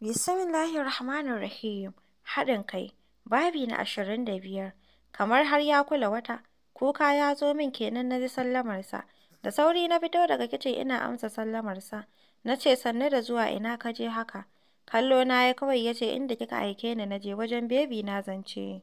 Bismillahir Rahmanir Rahim Haɗin Kai, Babi na ashirin da biyar Kamar har ya kula wata, kuka ya zo min kenan na ji sallamarsa. Da sauri na fito daga kicin ina amsa sallamarsa. Na ce "Sanne da zuwa ina ka je haka. Kallo na ya kawai ya ce inda kika aike ni na je wajen bebi na zance.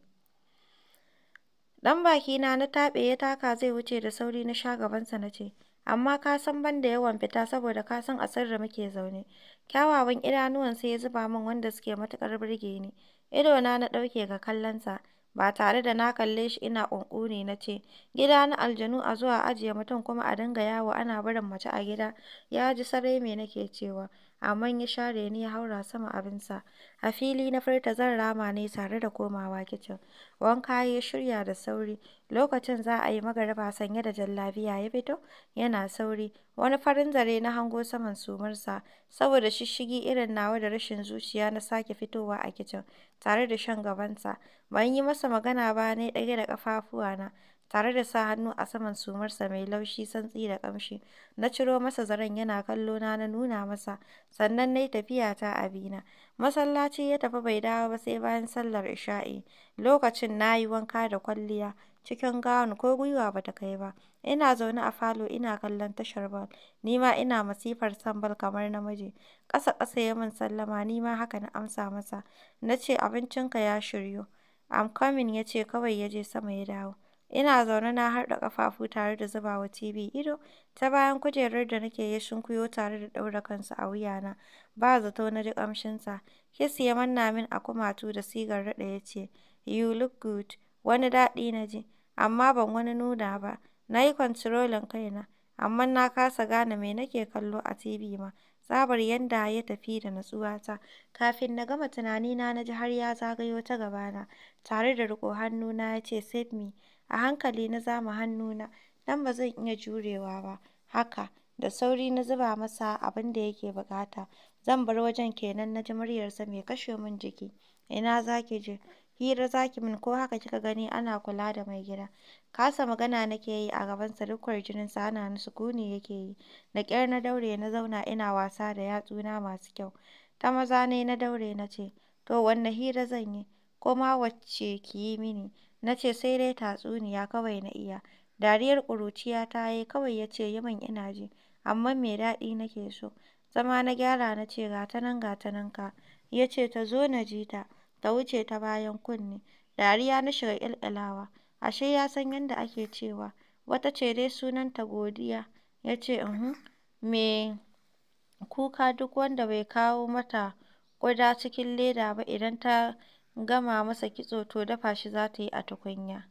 Dan bakina na taɓe ya taka zai wuce da sauri na sha gabansa na ce, amma ka san ban da yawan fita saboda ka san a sirri muke zaune. Kyawawan idanuwansa ya zuba min wanda suke matukar birge ni. ido na na ɗauke ga kallonsa, ba tare da na kalle shi ina ƙunƙuni na ce, gida na aljanu a zuwa ajiye mutum kuma a dinga yawo ana barin mace a gida, ya ji sarai me nake cewa. amma ya share ni ya haura sama abinsa. A fili na furta zan rama ne tare da komawa kicin. Wanka ya shirya da sauri. Lokacin za a yi magaraba sanye da jallabiya ya fito yana sauri. Wani farin zare na hango saman sumarsa saboda shishigi irin nawa da rashin zuciya na sake fitowa a kicin tare da shan gabansa. Ban yi masa magana ba ne ɗage da na. tare da sa hannu a saman sumarsa mai laushi, santsi da kamshi. Na ciro masa zaren yana kallo na nuna masa, sannan na yi tafiya ta abina. Masallaci ya tafi bai dawo ba sai bayan sallar isha'i. Lokacin na yi wanka da kwalliya, cikin gawon ko gwiwa bata kai ba. Ina zaune a falo ina kallon tashar bal, ni ma ina masifar sambal kamar namiji. Ƙasa-ƙasa ya min sallama, ni ma haka na amsa masa. Na ce abincinka ya shiryo. Amkamin ya ce kawai ya je sama ya dawo. Ina zaune na harda kafafu tare da zubawa TV ido, ta bayan kujerar da nake ya shinkuyo tare da ɗaura kansa a wuyana, ba zato na ji ƙamshinsa, kiss ya manna min a kumatu da sigar raɗa ya ce, “You look good,” wani daɗi na ji, amma ban wani nuna ba, na yi kwantirolin kaina, amma na kasa gane me nake kallo a TV ma, tsabar yadda ya tafi da natsuwa ta kafin na gama tunani na ji har ya zagayo ta gabana, tare da riko hannu na ya ce, “Save me.” A hankali na zame hannuna nan ba zan iya jurewa ba haka, da sauri na zuba masa abin da yake bukata Zan bar wajen kenan na ji muryarsa mai kashe min jiki. "Ina za ki je? Hira za min ko haka kika gani ana kula da mai gida Kasa magana nake yi a gaban gabansa jinin sa hana ni sukuni yake yi. Da kyar na daure na zauna ina wasa da yatsuna masu kyau. Ta maza ne na daure na ce, "To wanne hira zan yi? Ko ma wacce ki yi mini." Na ce sai dai tatsuniya kawai na iya. Dariyar ƙuruciya ta yi kawai ya ce yi ina ji, amma mai daɗi nake so. Zama na gyara na ce ga ta nan ga nan ka. Ya ce ta zo na ji ta, ta wuce ta bayan kunne. Dariya na shiga ƙilƙilawa Ashe ya san yadda ake cewa. Wata ce dai sunanta Godiya. Ya ce uhm, me kuka duk wanda bai kawo mata ƙuda cikin leda ba idan ta gama masa kitso to dafa shi za ta yi a tukunya.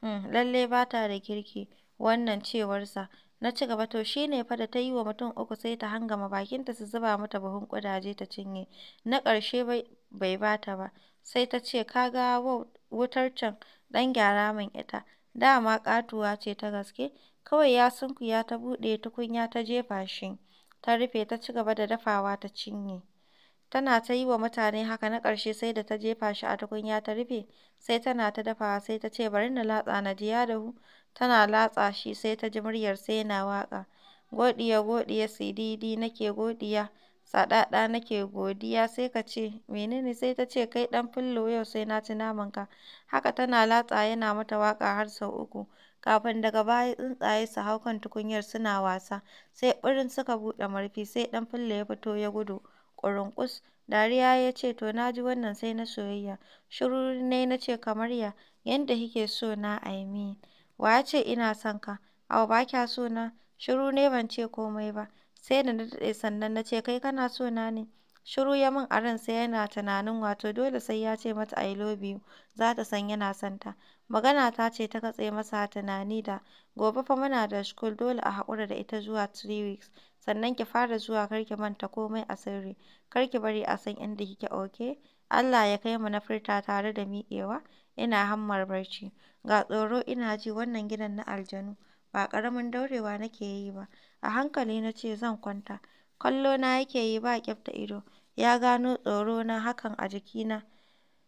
Hmm, lalle ba ta da kirki wannan cewarsa. Na ci gaba to shi ne fa da ta yi wa mutum uku sai ta hangama bakinta su zuba mata buhun kudaje ta cinye. Na ƙarshe bai ba ta ba, sai ta ce ka ga wutar can ɗan gyara min ita, dama katuwa ce ta gaske, kawai ya sunkuya ta buɗe tukunya ta jefa shi, ta rufe ta ci gaba da dafawa ta cinye. Tana ta yi wa mutane haka na ƙarshe sai da ta jefa shi a tukunya ta rufe, sai tana ta dafawa sai ta ce bari na latsa na ji ya hu? tana latsa shi sai ta ji muryar sai yana waƙa. Godiya godiya sididi nake godiya, sadada nake godiya sai ka ce menene sai ta ce kai ɗan fillo yau sai na ci namanka. Haka tana latsa yana mata waka har sau uku. kafin daga baya tsuntsaye su hau kan tukunyar suna wasa, sai ɓurin suka buɗe murfi sai ɗan fillo ya fito ya gudu. ƙurunƙus, dariya ya ce, to na ji wannan sai na soyayya, shiru ne na ce kamar ya? Yanda kike so na I mean. Wa ya ce ina son ka? Au ba kya so na? Shiru ne ban ce komai ba, sai da na daɗe sannan na ce kai kana so na ne? Shiru ya min a ransa yana tunanin wato dole sai ya ce mata I love you za ta san yana son ta. ta ce ta katse masa tunani da gobe fa muna da school dole a haƙura da ita zuwa 3 weeks sannan ki fara zuwa karki manta komai a sirri kar ki bari a san inda kike oke? Allah ya kai mu na furta tare da miƙewa ina hammar barci ga tsoro ina ji wannan gidan na aljanu ba ƙaramin daurewa nake yi ba a hankali na ce zan kwanta kallo na yake yi ba kyafta ido ya gano tsoro na hakan a jikina.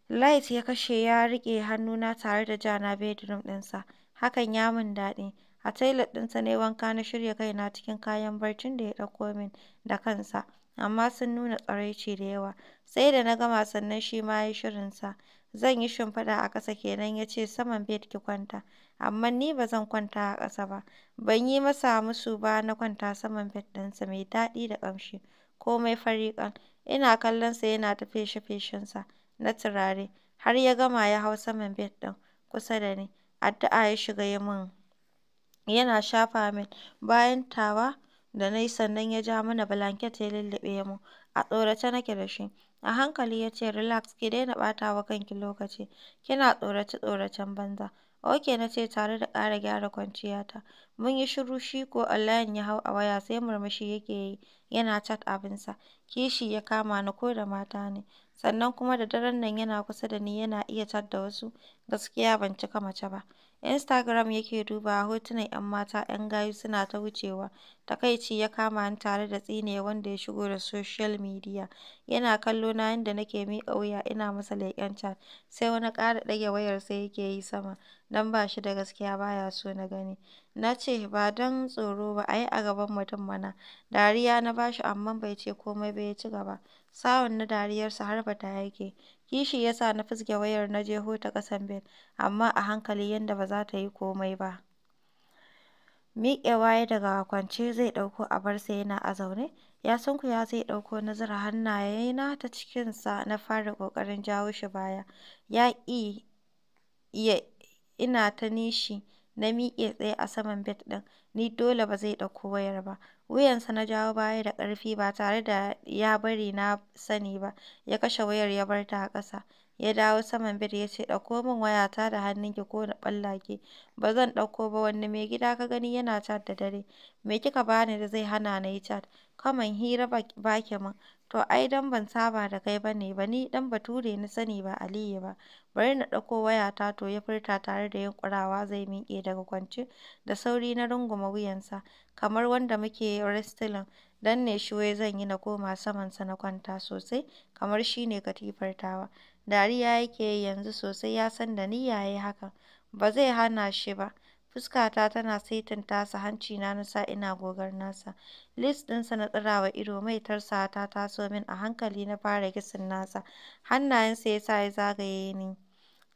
Light ya kashe ya riƙe hannuna tare da ja na bedroom ɗinsa. Hakan ya mun daɗi. A toilet ɗinsa ne wanka na shirya kaina cikin kayan barcin da ya ɗauko min da kansa, amma sun nuna tsaraici da yawa. Sai da na gama sannan shi ma ya yi shirinsa. Zan yi shimfiɗa a ƙasa kenan ya ce saman bed ki kwanta, amma ni ba zan kwanta a ƙasa ba. Ban yi masa musu ba na kwanta saman bed ɗinsa mai daɗi da ƙamshi, komai fari ƙal. Ina kallon sa yana ta feshe feshen sa na turare har ya gama ya hau saman bed ɗin kusa da ni, addu'a ya shiga yi min yana shafa min bayan tawa da na yi sannan ya ja mana blanket ya lulluɓe mu. A tsorace nake da shi. A hankali ya ce, "Relax, ki daina ɓata wa kanki lokaci, kina tsorace-tsoracen banza." Ok na ce tare da ƙara gyara kwanciyata. Mun yi shiru shi ko allah ya hau a waya sai murmushi yake yi yana cat abinsa. Kishi ya kama ni ko da mata ne. Sannan kuma da daren nan yana kusa da ni yana iya cat da wasu. Gaskiya ban cika mace ba. Instagram yake dubawa, hotunan 'yan mata 'yan gayu suna ta wucewa, takaici ya kama ni tare da tsinewa wanda ya shigo da soshiyal midiya, yana kallo na yadda nake miƙa wuya ina masa leƙen cat, sai wani ƙara ɗage wayarsa yake yi sama, don ba shi da gaskiya baya so na gani, na ce ba don tsoro ba a yi a gaban mutum mana, dariya na bashi, amma bai ce komai ba ya ci gaba, sawun na dariyarsa har ta yake. Kishi ya sa na fizge wayar na je ta ƙasan bed, amma a hankali yadda ba za ta yi komai ba. Miƙewa ya daga kwance zai ɗauko a sai yana a zaune, ya ya zai ɗauko na hannayena ta cikin sa na fara ƙoƙarin jawo shi baya, ya ƙi ya ina ta nishi Na miƙe tsaye a saman bet ɗin, ni dole ba zai ɗauko wayar ba. Wuyansa na jawo baya da ƙarfi ba tare da ya bari na sani ba, ya kashe wayar ya bar ta a ƙasa. Ya dawo saman bir ya ce, "Ɗauko min wayata da hannunki ko na ɓallake." "Ba zan ɗauko ba, wanne gida ka gani yana cat da dare? Me kika bani da zai hana na yi chat Kaman hira ba ma "To ai dan ban saba da kai ba ne ba, ni dan Bature ni sani ba Aliyu ba. Bari na ɗauko wayata to" ya furta tare da yunkurawa zai miƙe daga kwance, da sauri na runguma wuyansa, kamar wanda muke wrestling, danne shi wai zan yi na koma saman sa na kwanta sosai, kamar shine katifar tawa. Dariya yake yi yanzu sosai ya san da niyya ya yi hakan, ba zai hana shi ba. Fuskata tana saitin tasa, hancina na sa ina gogar nasa. list ɗinsa na tsirawa ido, mai tarsa ta taso min a hankali na fara gisin nasa. Hannayensa ya sa ya zagaye ni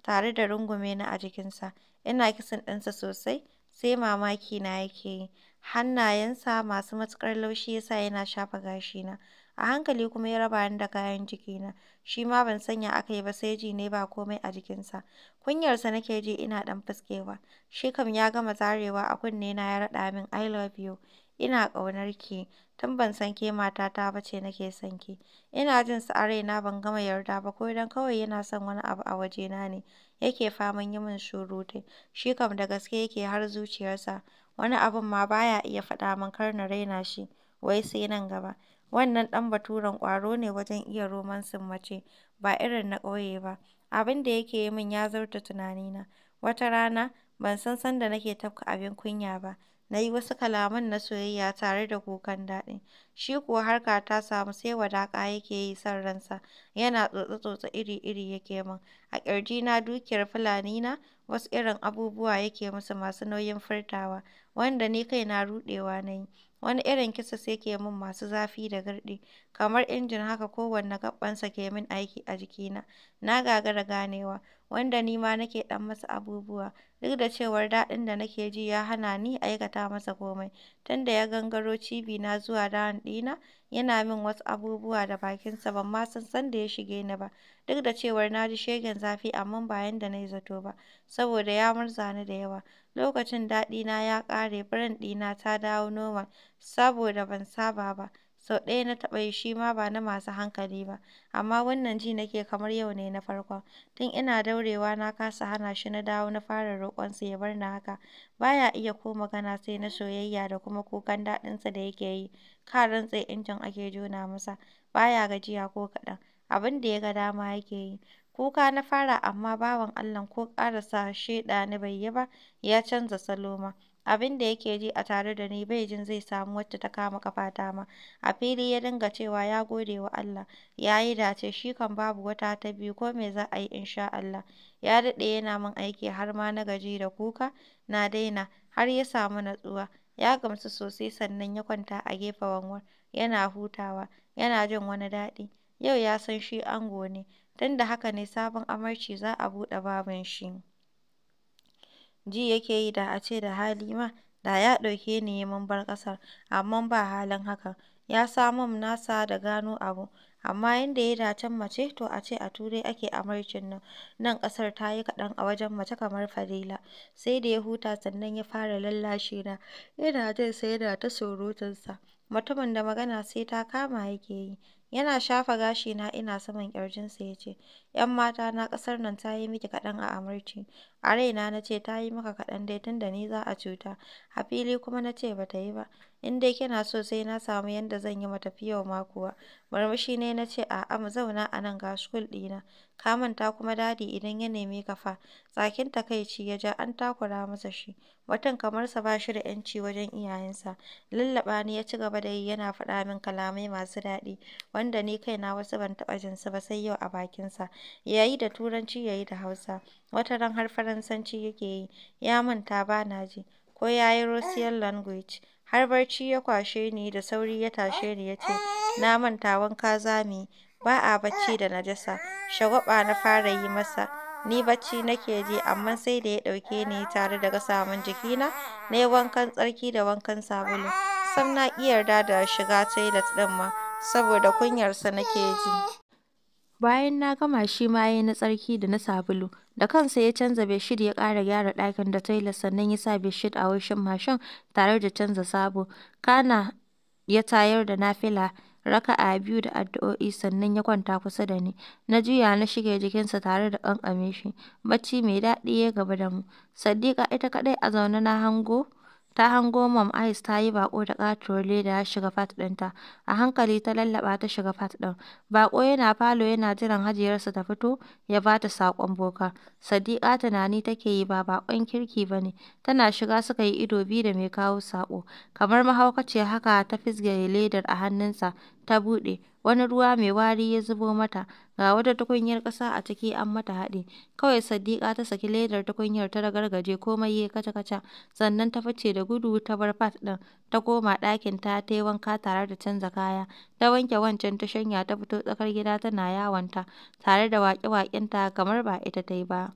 tare da rungume na a jikinsa. Ina kisan ɗinsa sosai, sai mamaki na yake yi. Hannayensa masu matuƙar laushi ya sa yana shafa gashina. a hankali kuma ya raba ni da kayan jikina, shi ma ban sanya aka yi ba sai ji ne ba komai a jikinsa, kunyarsa nake ji ina dan fuskewa, shi kam ya gama zarewa a kunne na ya raɗa min I love you, ina kaunar ki, tun ban san ke matata ba ce nake son ki, ina jin su a raina ban gama yarda ba ko don kawai yana son wani abu a waje na ne yake faman yi min surutai, shi kam da gaske yake har zuciyarsa, wani abun ma baya iya faɗa min kar na raina shi, wai sai nan gaba. Wannan ɗan Baturen ƙwaro ne wajen iya romansin mace, ba irin na ƙauye ba, abin da yake yi min ya zarta tunanina, wata rana ban san sanda nake tafka abin kunya ba, na yi wasu kalaman na soyayya tare da kukan daɗi, shi kuwa harka ta samu sai wadaƙa yake yi son ransa, yana tsotse-tsotse iri-iri yake min, a ƙirji na dukiyar fulani na, wasu irin abubuwa yake musu masu nauyin furtawa, wanda ni kai na ruɗewa na yi. Wani irin kisa sai ke min masu zafi da garɗi, kamar injin haka kowanne gabansa ke min aiki a jikina, na gagara ganewa, wanda ni ma nake ɗan masa abubuwa, duk da cewar daɗin da nake ji ya hana ni aikata masa komai, tunda ya gangaro cibi na zuwa dan ɗina, yana min wasu abubuwa da bakinsa ban ma san da ya shige ni ba, duk da cewar na ji shegen zafi amma ba yanda na zato ba, saboda ya murza ni da yawa. Lokacin daɗina ya ƙare, biran ɗina ta dawo normal. saboda ban saba ba. Sau ɗaya na taɓa yi shi ma ba na masu hankali ba, amma wannan ji nake kamar yau ne na farkon. Tun ina daurewa na kasa hana shi na dawo na fara roƙonsa ya bar ni haka. baya iya ko magana sai na soyayya da kuma kukan daɗinsa da yake yi. Ka rantse injin ake jona masa, baya gajiya ko kaɗan, abin da ya ga dama yake yi. Kuka na fara amma bawan allah ko ƙarasa sheɗa ni bai yi ba, ya canza salo ma. abin da yake ji a tare da ni bai jin zai samu wacce ta kama kafa ta ma, a fili ya dinga cewa ya gode wa Allah, ya yi dace shi kan babu wata ta biyu ko me za a yi insha Allah, ya daɗe yana min aiki har ma na gaji da kuka, na daina, har ya samu natsuwa, ya gamsu sosai sannan ya kwanta a gefen wangon. yana hutawa, yana jin wani daɗi, yau ya san shi ango ne, tunda haka ne sabon amarci za a buɗe babin shi. Ji yake yi da a ce da hali ma da ya ɗauke ni mun bar ƙasar, amma ba halin hakan, ya min nasa da gano abu, amma yanda ya dacen mace to a ce a Turai ake amarcin nan, nan ƙasar ta yi kaɗan a wajen mace kamar Fadila, sai da ya huta sannan ya fara na ina jin sai yana ta surutunsa, mutumin da magana sai ta kama yake yi, yana shafa gashi na ina saman ƙirjinsa ya ce, ‘yan mata na ƙasar nan ta yi miki kaɗan a amarci, A raina na ce ta yi maka kaɗan dai tunda ni za a cuta, a fili kuma na ce ba ta yi ba, in dai kina so sai na samu yadda zan yi matafiyau ma kuwa. Murmushi ne na ce a'a mu zauna a nan ga shukul ɗina, ka manta kuma dadi idan ya nemi ka fa. Tsakin takaici ya ja an takura masa shi, watan kamar sa ba shi da 'yanci wajen iyayensa. Lallaɓa ni ya ci gaba da yi yana faɗa min kalamai masu daɗi, wanda ni kaina wasu ban taɓa jin ba sai yau a bakinsa, ya yi da Turanci yayi da Hausa. Wata ran har Faransanci yake yi, ya manta ba na ji, ko ya yi Russian language, har barci ya kwashe ni da sauri ya tashe ni ya ce, na manta wanka za mu yi, ba a bacci da najasa, shagwaɓa na fara yi masa, ni bacci nake ji amma sai da ya ɗauke ni tare da gasa min jikina, na yi wankan tsarki da wankan sabulu, sam na iya yarda da shiga toilet ɗin ma, saboda kunyarsa nake ji. Bayan na gama shi ma ya na tsarki da na sabulu, da kansa ya canza bishir ya ƙara gyara ɗakin da toilet sannan ya sa bishir a washin mashin tare da canza sabo. Kana ya tayar da nafila raka'a biyu da addu'o'i sannan ya kwanta kusa da ni. Na juya na shige jikinsa tare da ƙanƙame shi. Bacci mai daɗi ya gaba da mu. Saddika ita kaɗai a zaune na hango Ta hango Mom Ice ta yi baƙo da katuwar leda ya shiga fat ɗinta, a hankali ta lallaɓa ta shiga fat ɗin. Baƙo yana falo yana jiran Hajiyarsa ta fito ya ba ta saƙon boka. sadiƙa tunani take yi ba baƙon kirki ba ne, tana shiga suka yi ido biyu da mai kawo saƙo. Kamar mahaukaciya haka ta fizge ledar a hannunsa ta buɗe. Wani ruwa mai wari ya zubo mata, ga wata tukunyar ƙasa a ciki an mata haɗi. Kawai Sadiqa ta saki ledar tukunyar ta ragargaje komai ya kaca-kaca, sannan ta fice da gudu ta bar fat ɗin, ta koma ɗakin ta yi wanka tare da canza kaya. Ta wanke wancan ta shanya ta fito tsakar gida tana yawanta, tare da waƙe-waƙenta kamar ba ita ta yi ba.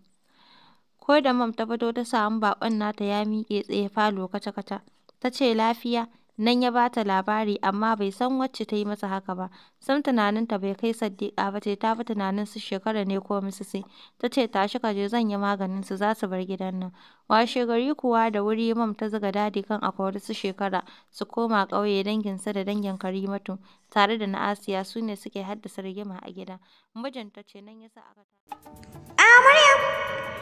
Ko da mam ta fito ta samu baƙon nata ya miƙe tsaye falo kaca-kaca, ta ce, Lafiya? Nan ya ba ta labari amma bai san wacce ta yi masa haka ba, sam tunaninta bai kai Saddiƙa ba ce ta fi tunanin su Shekara ne ko misu sai. ta ce ta ka kaje zan yi maganinsu za su bar gidan nan. gari kuwa da wuri Mam ta zuga dadi kan akwai su Shekara su koma ƙauye danginsa da dangin Karimatu tare da na'asiya su ne suke haddasa rigima a gida, mijinta ce nan ya sa aka A Maryam,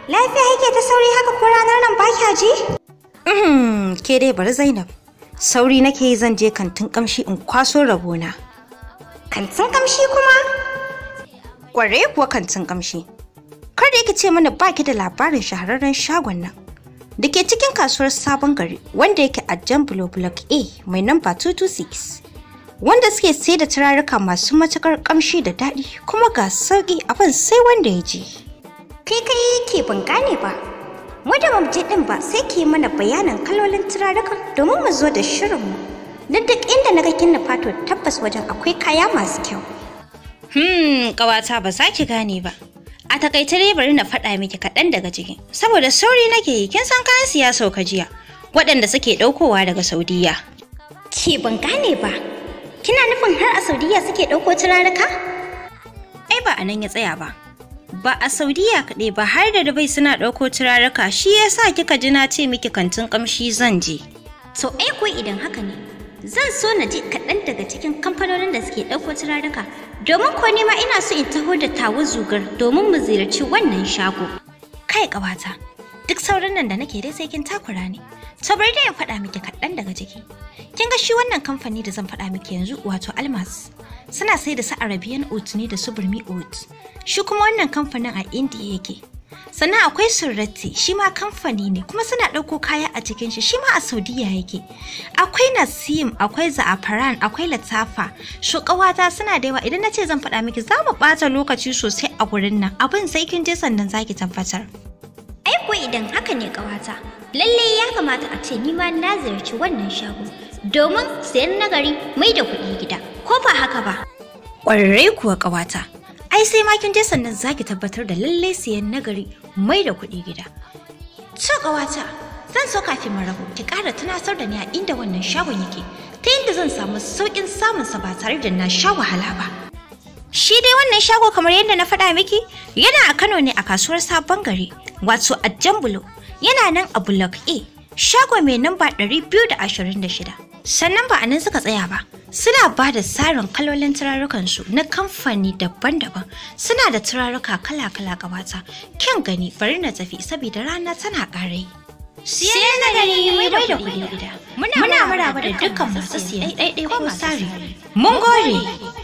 lafiya yake ta sauri haka ko ranar nan ba kya ji? Uhm, ke dai bari Zainab. sauri nake yi zan je kantin kamshi in kwaso rabona kantin kamshi kuma kware kuwa kantin kamshi kar da yake ce mana baki da labarin shahararren shagon nan da ke cikin kasuwar sabon gari wanda yake a jan block a mai namba 226 wanda suke sai da turaruka masu matukar kamshi da daɗi kuma ga sauƙi abin sai wanda ya je kai kai ke ban gane ba mu da din ba sai ki mana bayanan kalolin turarukan domin mu zo da shirinmu duk duk inda na ga kinna fato tabbas wajen akwai kaya masu kyau hmm kawata ba za ki gane ba a takaice dai bari na faɗa miki kaɗan daga cikin saboda sauri nake yi kin san kayan siyasa sauka jiya waɗanda suke ɗaukowa daga saudiya ke ban gane ba kina nufin har a saudiya suke ɗauko turaruka ai ba a nan ya tsaya ba ba a saudiya kaɗai ba har da dubai suna ɗauko turaruka shi ya sa kika ji na ce miki kantin ƙamshi zan je to ai ko idan haka ne zan so na ji kaɗan daga cikin kamfanonin da suke ɗauko turaruka domin ko nema ina so in taho da tawo zugar domin mu ziyarci wannan shago kai ƙawata duk sauran nan da nake dai sai kin takura ne To bari ya faɗa miki kaɗan daga ciki. Kin ga shi wannan kamfani da zan faɗa miki yanzu wato Almas. Suna sai da su Arabian oat ne da subrimi oat. Shi kuma wannan kamfanin a India yake. Sannan akwai Surratti shi ma kamfani ne kuma suna ɗauko kaya a cikin shi shi ma a Saudiya yake. Akwai Nasim, akwai Za'afaran, akwai Latafa. Shukawata suna da yawa idan na ce zan faɗa miki za mu ɓata lokaci sosai a gurin nan abin sai kin je sannan zaki tabbatar. Ai ko idan haka ne ƙawata Lallai ya kamata a ce nima na ziyarci wannan shago domin sayan nagari mai da kuɗi gida ko ba haka ba ƙwararre kuwa ƙawata ai sai ma kin je sannan zaki tabbatar da lalle sayan nagari mai da kuɗi gida to ƙawata zan so kafin mu rabu ki ƙara tunasar da ni a inda wannan shagon yake ta yadda zan samu sauƙin samun sa ba tare da na sha wahala ba shi dai wannan shago kamar yadda na faɗa miki yana a Kano ne a kasuwar sabon gari wato a Jambulo yana nan a Block A, shago mai namba 226. Sannan ba a nan suka tsaya ba, suna ba da tsarin kalolin turarukansu na kamfani daban-daban suna da turaruka kala-kala gabata kyan gani bari na tafi saboda rana tana ƙarai. Siyan na gani mai da kuɗi gida, muna maraba da dukkan masu siyan ɗaiɗai ko tsari. Mun gore!